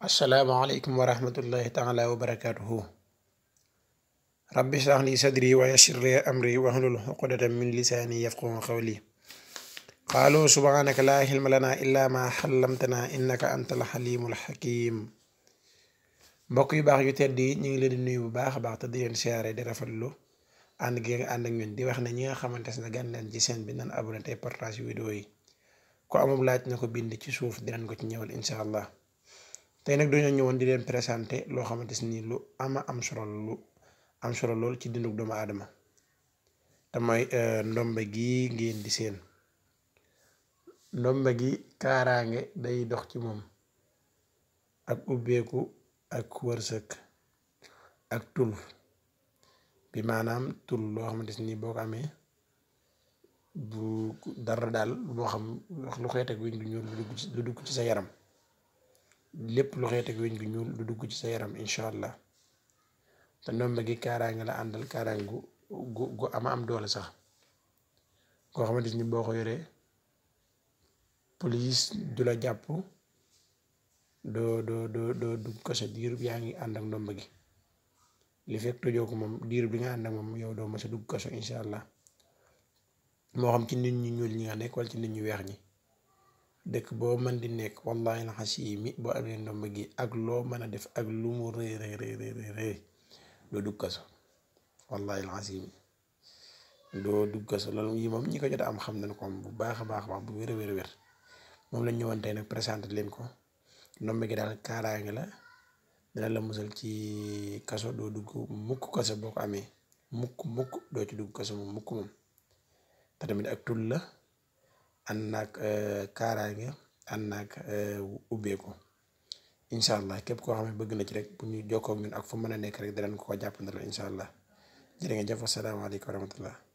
السلام عليكم ورحمة الله تعالى وبركاته رب اشرح لي صدري ويسر لي أمري واحلل عقدة من لساني يفقه قولي قالوا سبحانك لا علم لنا إلا ما علمتنا إنك أنت الحليم الحكيم mbokk yu baax yu tedd yi ñu ngi leen di nuyu bu baax a baax te di leen siyaare di rafetlu ànd gi nga ànd ak ñun di wax ne ñi nga xamante ne gan leen ci seen bi nan abonné tey partage vidéo yi ku amul laaj na ko bind ci suuf dinañ ko ci ñëwal incha allah tey nag dañoo ñëwoon di leen présenter loo xamante nii lu ama am solo lu am solo lool ci dunduk doomu aadama te mooy euh, ndombe gi ngeen di seen ndomba gi kaaraange day dox ci moom ak ubbeeku ak wërsëg ak tul bi maanaam tul loo xamante nii boo ko amee bu dara daal boo xam lu xeet ak lu du ñuul lu dugg ci sa yaram lepp lu xet ak weñ gu ñuul du dugg ci sa yaram inshallah ta te gi karanga la andal karangu gu gu gu ama am doole sax ko xamanteni ni boko yoree police du la japp do do do do du ko sa diir bi yaangi and ak ndomba gi li fek tojoo ko mom diir bi nga and ak mom yow do ma sa dugg ko sa inshallah mo xam ci nit ñu ñuul ñi nga ci nit ñi weex ñi dëkk boo man di nekk wallahi alxasiimi boo amee ndomb gi ak loo mën a def ak lu mu rëy rëy rëy rëy doo dugg kaso wallahi alxasiimi doo dugg kaso loolu yi moom ñi ko jot am xam nañ ko bu baax a baax bu wér a wér a moom lañ ñëwoon tey nag présenté leen ko ndomb gi daal kaaraange la dina la musal ci kaso doo dugg mukk kaso boo ko amee mukk mukk doo ci dugg kaso moom mukk moom te tamit ak tul la ànd naag euh, kaaraange ànd naag euh, ubbeeku incha allah képp koo xam ne bëgg na ci rek bu ñu jokkoo ak ñun ak fu mën a nekk rek danañ ko ko jàppandal incha allah jërë ngeen jëf wasalaamaaleykum wa